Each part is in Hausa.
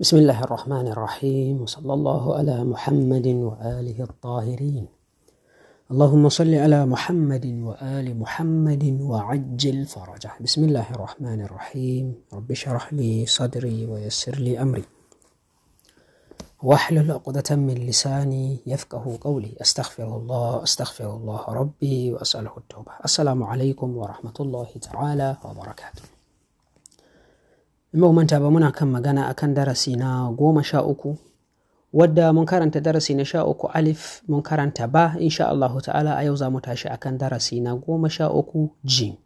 بسم الله الرحمن الرحيم وصلى الله على محمد وآله الطاهرين اللهم صل على محمد وآل محمد وعجل فرجه بسم الله الرحمن الرحيم رب اشرح لي صدري ويسر لي أمري واحلل عقدة من لساني يفقه قولي أستغفر الله أستغفر الله ربي وأسأله التوبة السلام عليكم ورحمة الله تعالى وبركاته in manta ba muna kan magana akan darasi na goma sha uku wadda mun karanta darasi na sha uku alif mun karanta ba insha Allahu ta'ala a yau za mu tashi akan darasi na goma sha uku jin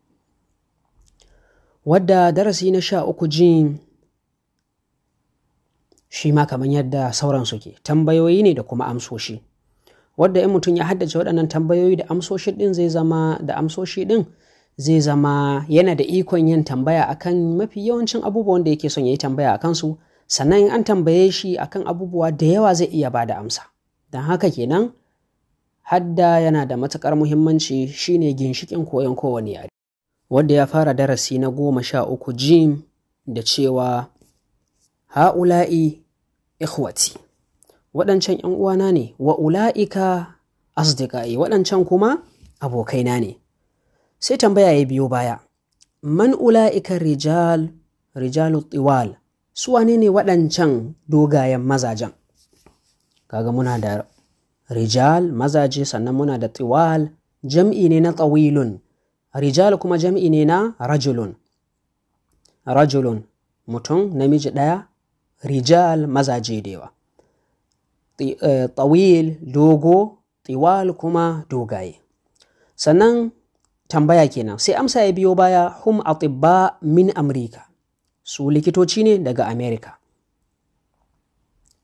wadda darasi na sha uku jin shi ma kamar yadda sauran suke tambayoyi ne da kuma amsoshi wadda in mutum ya haddace waɗannan tambayoyi da amsoshi ɗin zai zama da amsoshi ɗin zai zama yana da ikon yin tambaya akan mafi yawancin abubuwan da yake son ya yi tambaya a kansu sannan an tambaye shi akan abubuwa da yawa zai iya ba da amsa don haka kenan hadda yana da matuƙar muhimmanci shine ginshikin koyon kowane yare wanda ya fara darasi na goma sha uku jim da cewa ha'ula'i ikhwati waɗancan ‘yan uwana ne wa ula'ika asdiƙa'i waɗancan kuma abokaina ne sai tambaya ya biyo baya man ula'ika rijal rijalu tiwal su wane ne waɗancan dogayen mazajen kaga muna da rijal mazaje sannan muna da tiwal jam'i ne na tsawilun rijal kuma jam'i ne na rajulun rajulun mutum namiji ɗaya rijal mazaje dewa. yawa eh, tawil dogo tiwal kuma dogaye sannan tambaya kenan sai amsa ya biyo baya hum atibba min amurika su likitoci ne daga amerika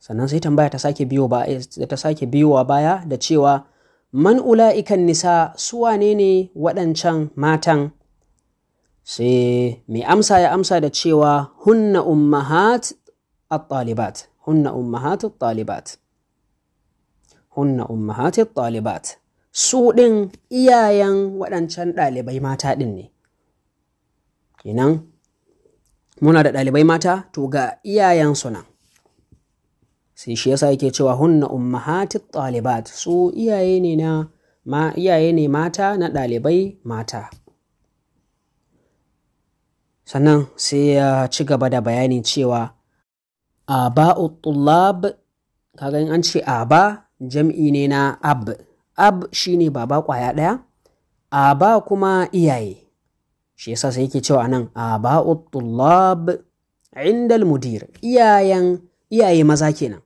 sannan sai tambaya ta sake biyo eh, ta sake biyowa baya da cewa man ula'ikan nisa su wane ne waɗancan matan sai mai amsa ya amsa da cewa hunna ummahat at-talibat hunna ummahat at-talibat hunna ummahat at-talibat su ɗin iyayen waɗancan ɗalibai mata ɗin ne kenan muna da ɗalibai mata to ga iyayensu nan sai shi yasa yake cewa hunna ummahatit ɗalibat su iyaye ne na ma iyaye ne mata na ɗalibai mata sannan sai ya ci gaba da bayani cewa aba'u tullab kaga in an ce aba jam'i ne na ab ab shine baba kwaya ɗaya aba kuma iyaye shi yasa sai yake cewa nan aba'u tullab indal mudir iyayen iyaye maza kenan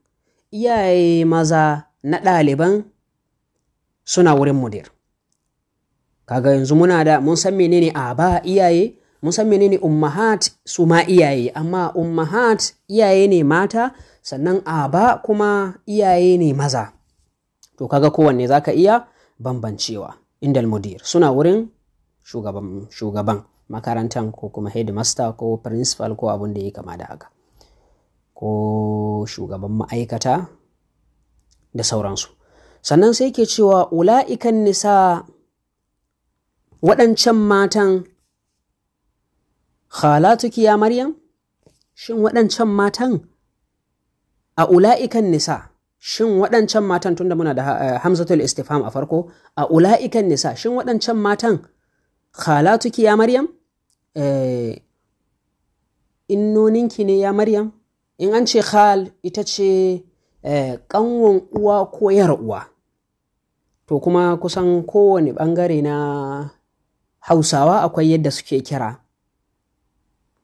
iyaye maza na ɗaliban suna wurin mudir kaga yanzu muna da mun san menene aba iyaye mun san menene ummahat su ma iyaye amma ummahat iyaye ne mata sannan aba kuma iyaye ne maza to kaga kowanne zaka iya bambancewa indal mudir suna wurin shugaban shugaban makarantan ko kuma headmaster ko principal ko abin da ya kama da haka ko shugaban ma'aikata da sauransu sannan sai ke cewa ula'ikan nisa waɗancan matan khalatuki ya maryam shin waɗancan matan a ula'ikan nisa shin waɗancan matan tunda muna da eh, hamzatul istifham a farko a ula'ikan nisa shin waɗancan matan khalatuki ya maryam eh, innoninki ne ya maryam in an ce khal ita ce eh, ƙanwar uwa ko yar uwa to kuma kusan kowane bangare na hausawa akwai yadda suke kira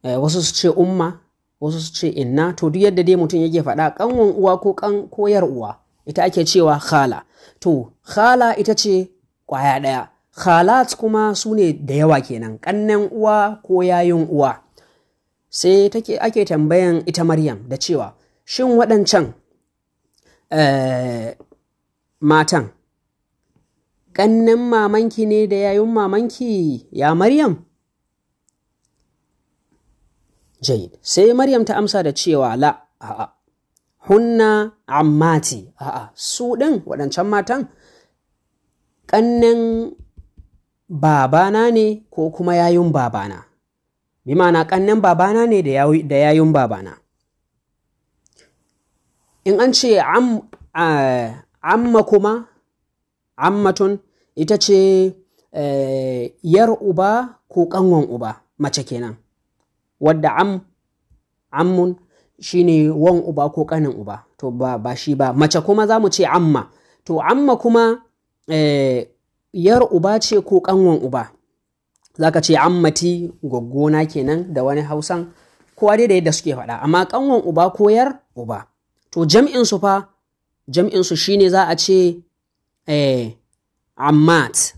wasu su ce umma wasu su ce inna to duk yadda dai mutum yake faɗa ƙanwan uwa ko ƙan koyar uwa ita ake cewa khala to khala ita ce kwaya ɗaya khalat kuma su ne da yawa kenan ƙannen uwa ko yayin uwa sai take ake tambayan ita maryam da cewa shin waɗancan eh, matan ƙannen mamanki ne da yayin mamanki ya maryam Jayid. Sai Maryam ta amsa da cewa la a'a. Hunna ammati a'a su ɗin waɗancan matan ƙannen babana ne ko kuma yayun babana. Bi ma'ana ƙannen babana ne da yayun babana. In an ce amma kuma ammatun ita ce eh, yar uba ko ƙanwan uba mace kenan. wadda am ammun shine wan uba ko kanin uba to ba ba shi ba mace kuma za mu ce amma to amma kuma eh, yar uba ce ko kanwan uba zaka ce ammati goggona kenan da wani hausan kowa dai da yadda suke faɗa amma kanwan uba ko yar uba to jam'in su fa jam'in su shine za a ce eh ammat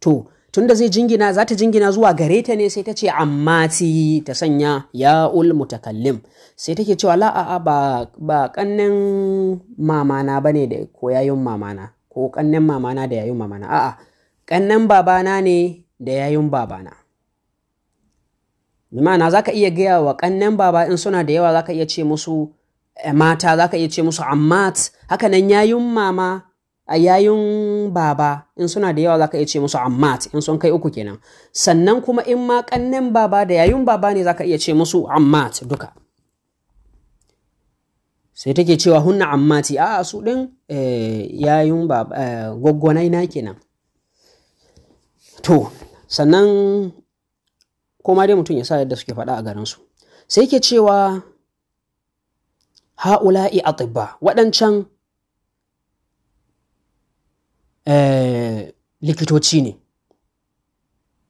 to tunda zai jingina za ta jingina zuwa gare ta ne sai ta ce amma ti ta sanya ya mutakallim sai take cewa la a'a ba ba kannin mamana bane da ko yayin mamana ko kannin mamana da yayin mamana a'a kannin babana ne da yayin babana Bimana za ka iya gaya wa kannan baba in suna da yawa za ka iya ce musu eh, mata za ka iya ce musu ammat hakanan nan yayin mama a yayin baba in suna da yawa zaka iya ce musu ammat in sun kai uku kenan sannan kuma in ma kannen baba da yayin baba ne zaka iya ce musu ammat duka sai take cewa hunna ammati a su din eh, yayin eh, gwaggwanai na kenan to sannan kuma dai mutum ya sa yadda suke faɗa a garinsu sai ke cewa ha'ula'i atibba waɗancan likitoci ne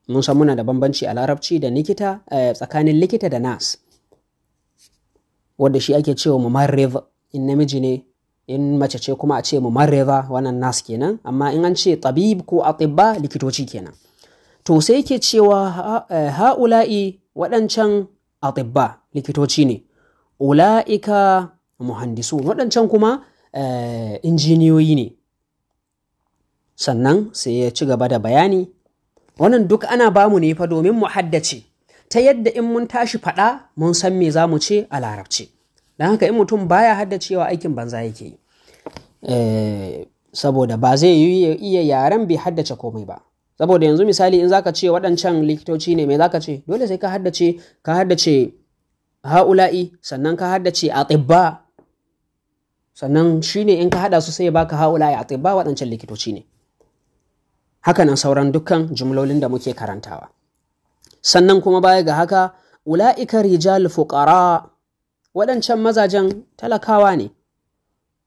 mun san muna da bambanci a larabci da likita eh, tsakanin likita da nas wanda shi ake cewa mumarriv in namiji ne in mace ce kuma a ce mumarriva wannan nas kenan amma in an ce tabib ko atibba likitoci kenan to sai yake cewa eh, ha'ula'i waɗancan atibba likitoci ne ula'ika muhandisu waɗancan kuma eh, injiniyoyi ne sannan sai ya ci gaba da bayani wannan duk ana bamu ne fa domin mu haddace ta yadda in mun tashi faɗa mun san me za mu ce a larabci don haka in mutum baya haddacewa aikin banza yake yi eh, saboda ba zai yi iya yaren bai haddace komai ba saboda yanzu misali in zaka ce waɗancan likitoci ne me zaka ce dole sai ka haddace ka haddace ha'ula'i sannan ka haddace a atibba sannan shine in ka haɗa su sai ya baka ha'ula'i atibba waɗancan likitoci ne Haka nan sauran dukkan jumlolin da muke karantawa sannan kuma baya ga haka ula'ika rijal fuqara waɗancan mazajen talakawa ne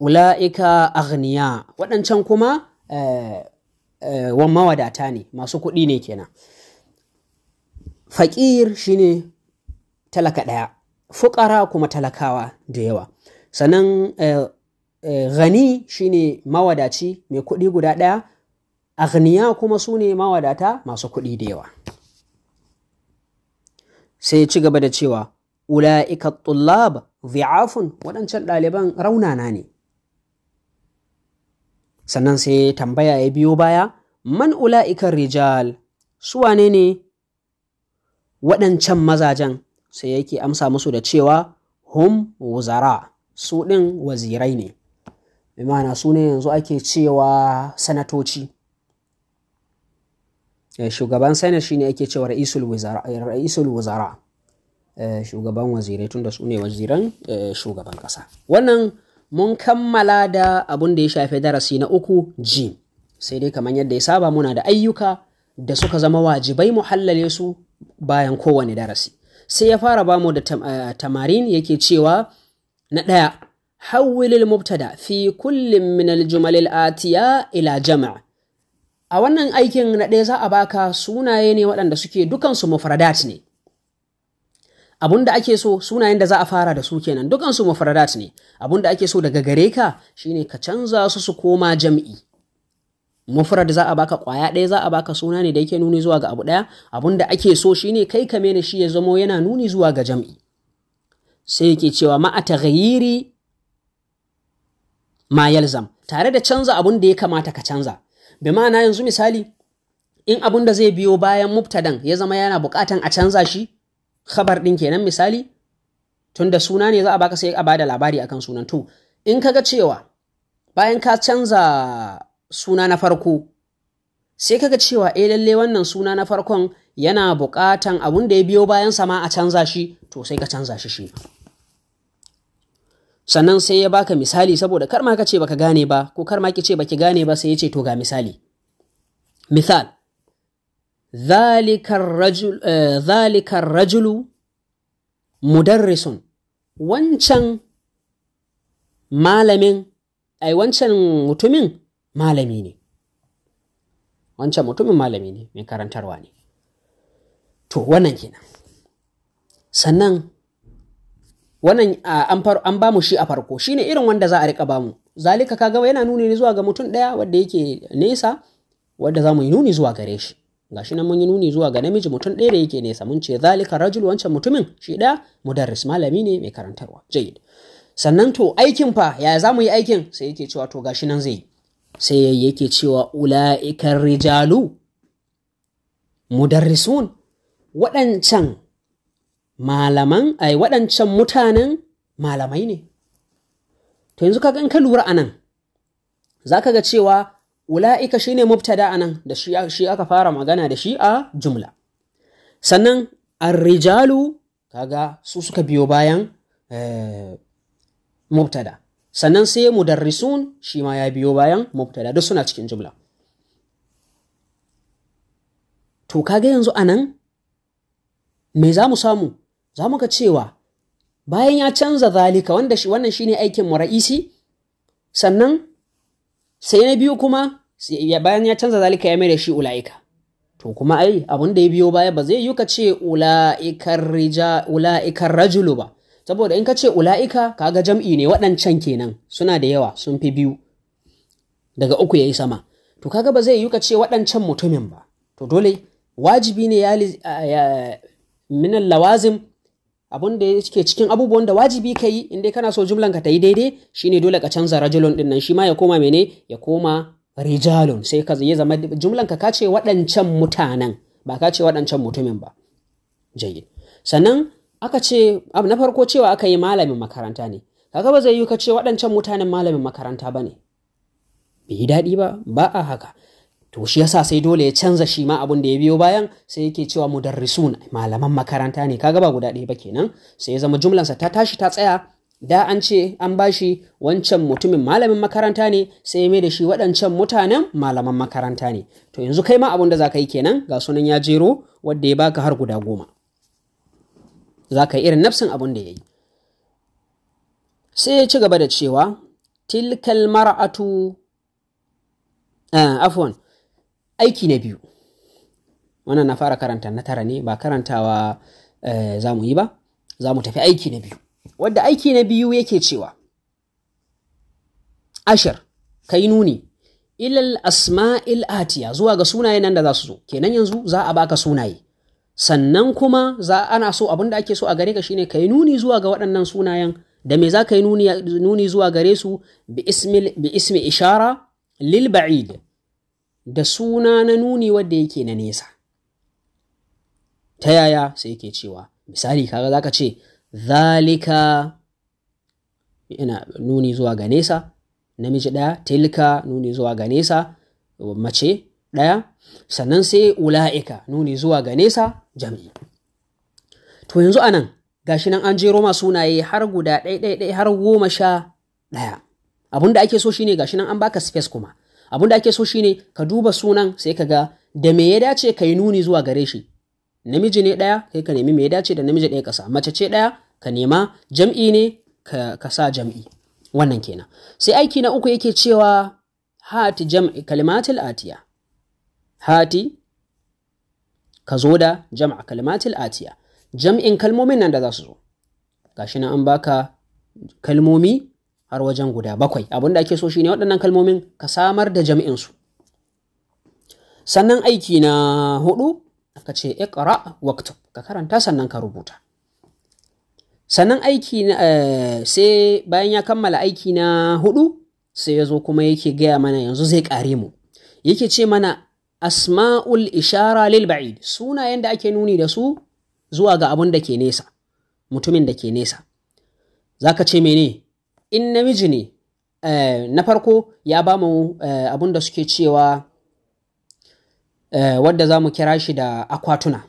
ula'ika agniya waɗancan kuma eh, eh, wan mawadata ne masu kuɗi ne kenan faƙir shine talaka ɗaya fuƙara kuma talakawa da yawa sannan eh, gani shine mawadaci mai kuɗi guda ɗaya agniya kuma su ne mawadata masu kuɗi da yawa sai ya ci gaba da cewa ula'ika tullab zi'afun waɗancan ɗaliban raunana ne sannan sai tambaya ya biyo baya man ula'ikan rijal su wane ne waɗancan mazajen sai yake amsa musu da cewa hum wuzara su ɗin wazirai ne bi ma'ana su ne yanzu ake cewa sanatoci Eh, shugaban senate shine ake cewa ra'isul wuzara eh, shugaban wazirai tunda su ne waziran eh, shugaban kasa wannan mun kammala da abun da ya shafi darasi na uku ji sai dai kamar yadda ya saba muna da ayyuka da suka zama wajibai mu hallale su bayan kowane darasi sai ya fara bamu da tamarin yake cewa na ɗaya hawwilil mubtada fi kullum min Jumalil atiya ila jama'a a wannan aikin na ɗaya za a baka sunaye ne waɗanda suke dukansu mufradat ne abun da ake so sunayen da za a fara da su kenan dukansu mufradat ne abun da ake so daga gare ka shine ka canza su su koma jam'i mufrad za a baka kwaya ɗaya za a baka suna ne da yake nuni zuwa ga abu ɗaya abun da ake so shine kai ka mene shi ya zamo yana nuni zuwa ga jam'i sai yake cewa ma'a a taghayyiri ma yalzam tare da canza abun da ya kamata ka canza bi ma'ana yanzu misali in abun da zai biyo bayan mubtadan ya zama yana bukatan a canza shi khabar din kenan misali tunda suna ne za a baka sai a bada labari akan sunan to in kaga cewa bayan ka canza suna na farko sai kaga cewa eh lalle wannan suna na farkon yana bukatan abun da ya biyo bayan sama a canza shi to sai ka canza shi shi sannan sai ya baka misali saboda kar ma ka ce baka gane ba ko kar ma ki ce baki gane ba sai ya ce to ga misali misal rajul. Eh, zalikar rajulu mudarrisun wancan malamin ai wancan mutumin malami ne wancan mutumin malami ne mai karantarwa ne to wannan kenan sannan wannan an bamu shi a farko Shi ne irin wanda za a rika bamu zalika kaga yana nuni ne zuwa ga mutum daya wanda yake nesa wanda za mu yi nuni zuwa gare shi gashi nan mun yi nuni zuwa ga namiji mutum daya da yake nesa mun ce zalika rajul wancan mutumin shi ɗaya mudarris malami ne mai karantarwa jayyid sannan to aikin fa ya za mu yi aikin sai yake cewa to gashi nan zai sai yake cewa ula'ikan rijalu mudarrisun waɗancan malaman ai waɗancan mutanen malamai ne to yanzu kaga in ka lura anan za ka ga cewa ula'ika shine mubtada anan da shi aka fara magana da shi a jumla sannan rijalu, kaga su suka biyo bayan eh, mubtada sannan sai mudarrisun shi ma ya biyo bayan mubtada duk suna cikin jumla to kaga yanzu anan me za mu samu za mu ga cewa bayan ya canza zalika wanda shi wannan shine aikin mu ra'isi sannan sai na biyu kuma bayan ya canza zalika ya mere shi ula'ika to kuma ai abin da ya biyo baya ba zai yi ka ce ula'ikar rajulu ba saboda in ka ce ula'ika kaga jam'i ne waɗancan kenan suna da yawa sun fi biyu daga uku ya yi sama to kaga ba zai yi ka ce waɗancan mutumin ba to dole wajibi ne ya minan lawazim abun da yake cikin abubuwan da wajibi ka yi inda kana so jumlan ka ta yi daidai shine dole ka canza rajulun din shi ma ya koma mene ya koma rijalun sai ka zai zama jumlan ka kace waɗancan mutanen ba kace waɗancan mutumin ba jayyid sannan aka ce abu na farko cewa aka yi malamin makaranta ne kaga ba zai yi ka ce waɗancan mutanen malamin makaranta ba ne bai yi daɗi ba ba a haka to shi yasa sai dole ya canza shi ma abun da ya biyo bayan sai yake cewa mudarrisun malaman makaranta ne kaga ba guda ɗaya ba kenan sai ya zama jumlansa ta tashi ta tsaya da an ce an bashi wancan mutumin malamin makaranta ne sai ya mai da shi waɗancan mutanen malaman makaranta ne to yanzu kai ma abun da za ka yi kenan ga sunan ya jero wadda ya baka har guda goma za ka yi irin nafsin abun da ya yi sai ya ci gaba da cewa tilkal mar'atu eh, afwan aiki na biyu wannan na fara karanta na tara ne ba karantawa eh, za mu yi ba za mu tafi aiki na biyu wadda aiki na biyu yake cewa ashir kai nuni ilal asma'il atiya zuwa ga sunaye nan da za su zo kenan yanzu za a baka sunaye sannan kuma za ana so abin da ake so a gare ka shine kai nuni zuwa ga waɗannan sunayen da me za ka yi nuni zuwa gare su bi ismi ishara lil ba'id da suna na nuni wadda yake na nesa ta yaya sai yake cewa misali kaga zaka ce zalika yana nuni zuwa ga nesa namiji ɗaya tilka nuni zuwa ga nesa mace ɗaya sannan sai ula'ika nuni zuwa ga nesa jam'i to yanzu anan gashi nan an jero ma sunaye har guda ɗaya ɗaya har goma sha ɗaya abin da ake so shine gashi nan an baka space kuma abin da ake so shine ka duba sunan sai ka ga da me ya dace ka yi nuni zuwa gare shi namiji ne ɗaya kai ka nemi me ya dace da namiji ɗaya kasa mace ce ɗaya ka nema jam'i ne ka sa jam'i wannan kenan sai aiki na uku yake cewa hati jam'i kalimatil atiya hati ka zo da jam'a kalimatil atiya jam'in kalmomin nan da za su zo gashi nan an baka kalmomi har wajen guda bakwai abin da ake so shine waɗannan kalmomin ka samar da su sannan aiki na hudu ka ce iqra waktub ka karanta sannan ka rubuta sannan aiki na eh, sai bayan ya kammala aiki na hudu sai ya zo kuma yake gaya mana yanzu zai kare mu yake ce mana asma'ul ishara lil ba'id sunayen da ake nuni da su zuwa ga abun da ke nesa mutumin da ke nesa zaka ce mene in namiji ne eh, na farko ya ba mu eh, abin da suke cewa eh, wadda za mu kira shi da akwatuna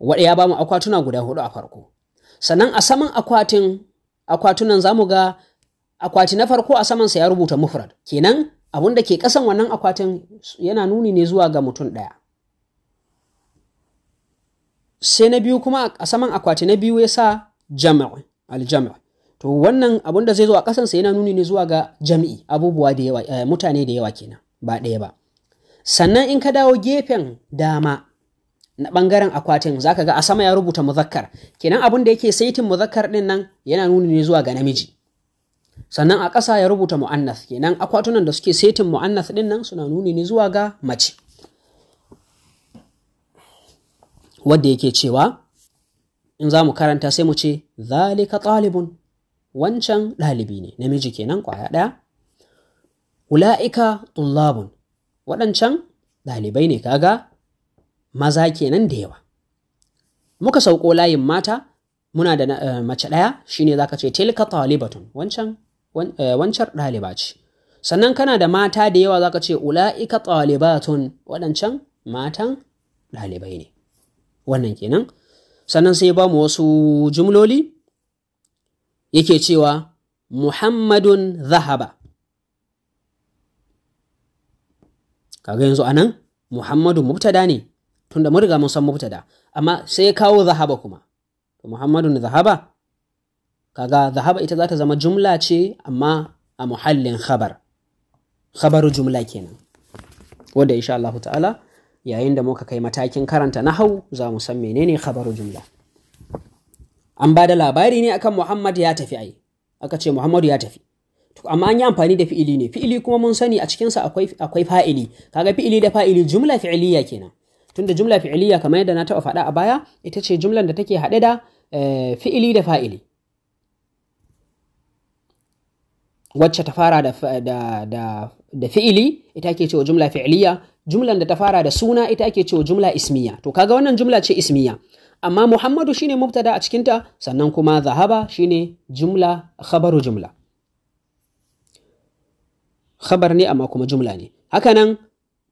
wadda ya ba mu akwatuna guda hudu a farko sannan a saman akwatin akwatunan za mu ga akwati na farko a samansa ya rubuta mufrad kenan abin da ke kasan wannan akwatin yana nuni ne zuwa ga mutum ɗaya sai na biyu kuma a saman akwati na biyu ya sa jami'a aljami'a to wannan abun da zai zo a sa yana nuni ne zuwa ga jami'i abubuwa da yawa eh, mutane da yawa kenan ba ɗaya ba sannan in ka dawo gefen dama na ɓangaren akwatin za ka ga a sama ya rubuta muzakkar kenan abun da yake saitin muzakkar din nan yana nuni ne zuwa ga namiji sannan a ƙasa ya rubuta mu'annas kenan akwatunan da suke saitin mu'annas din nan suna nuni ne zuwa ga mace wadda yake cewa in za mu karanta sai mu ce zalika ɗalibun. wancan ɗalibi ne namiji kenan ƙwaya ɗaya ula'ika tullabun waɗancan ɗalibai ne kaga maza kenan da yawa muka sauko layin mata muna da uh, mace ɗaya shine zaka ce tilka talibatun wancan eh, wancan ɗaliba ce sannan kana da mata da yawa zaka ce ula'ika talibatun waɗancan matan ɗalibai ne wannan kenan sannan sai ba mu wasu jumloli yake cewa Muhammadun zahaba kaga yanzu anan Muhammadu mubtada ne tunda mun riga mun san mubtada amma sai ya kawo zahaba kuma Muhammadun zahaba kaga zahaba ita za ta zama jumla ce amma a muhallin khabar khabaru jumla kenan wanda insha Allah ta'ala yayin da muka kai matakin karanta nahau za mu san menene khabaru jumla an ba da labari ne akan Muhammad ya tafi ai aka ce Muhammad ya tafi to amma an yi amfani da fi'ili ne fi'ili kuma mun sani a cikin sa akwai akwai fa'ili kaga fi'ili da fa'ili jumla fi'iliya kenan tunda jumla fi'iliya kamar yadda na taɓa faɗa a baya ita ce jumlan da take haɗe da eh, fi'ili da fa'ili wacce ta fara da, da, da, da fi'ili ita ake cewa jumla fi'iliya jumlan da ta fara da suna ita ake cewa jumla ismiya to kaga wannan jumla ce ismiya amma muhammadu shine mubtada a cikinta sannan kuma zahaba shine jumla khabaru jumla khabar ne amma kuma jumla ne hakanan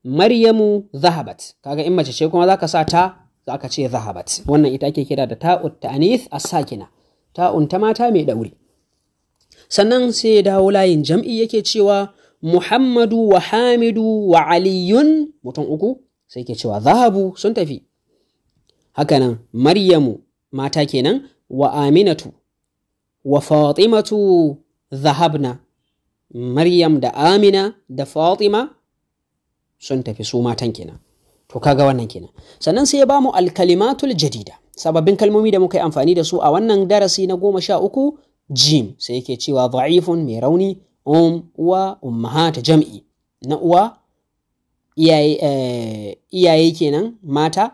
maryamu zahabat kaga in mace ce kuma zaka sa ta zaka ce zahabat wannan ita ake kira da ta'ut ta'anis as-sakina ta'un ta mata mai dauri sannan sai ya dawo layin jam'i yake cewa muhammadu wa hamidu wa aliyun mutum uku sai ke cewa zahabu sun tafi hakanan maryamu mata kenan wa aminatu wa fatimatu zahabna maryam da amina da fatima sun tafi su matan kenan to kaga wannan kenan sannan sai ya bamu alkalimatul jadida sababbin kalmomi da muka yi amfani da su a wannan darasi na goma sha uku jim sai yake cewa za'ifun mai rauni um uwa ta jam'i na uwa iyaye eh, kenan mata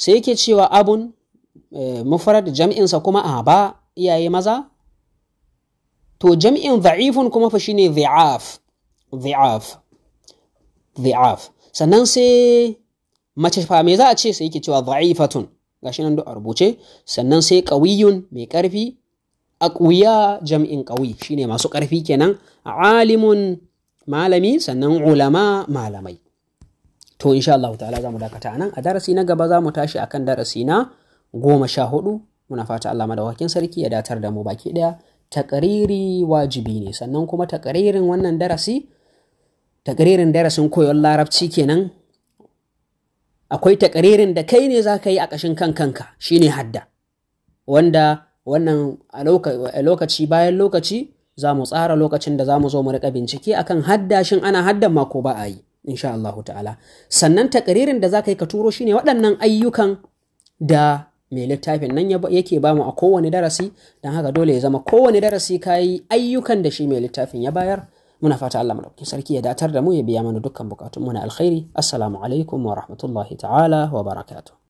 sai yake cewa abun eh, mufrad jam'insa kuma a ba iyaye maza to jam'in za'ifun kuma fa shine dhi'af za'af za'af sannan sai mace fa me za a ce sai yake cewa za'ifatun gashi nan da rubuce sannan sai ƙawiyun mai ƙarfi a ƙuya jam'in ƙawi shine masu ƙarfi kenan alimun malami sannan ulama malamai to insha Allah ta'ala za mu dakata nan a darasi na gaba za mu tashi a kan darasi na goma sha hudu muna fata Allah madawakin sarki ya datar da mu baki ɗaya. takariri wajibi ne sannan kuma takaririn wannan darasi takaririn darasin koyon larabci kenan akwai takaririn da kai ne za ka yi a ƙashin kan kanka shine hadda wanda wannan a lokaci bayan lokaci za mu tsara lokacin da za mu zo mu rika bincike akan hadda shin ana haddan ma ko ba a yi insha Allah ta'ala sannan takaririn da zaka yi ka turo shine waɗannan ayyukan da mai littafin nan yake bamu a kowane darasi don haka dole ya zama kowane darasi ka yi ayyukan da shi mai littafin ya bayar muna fata Allah dauki sarki ya datar da mu ya biya mana dukkan bukatun mu na alkhairi assalamu alaikum wa rahmatullahi ta'ala wa barakatuh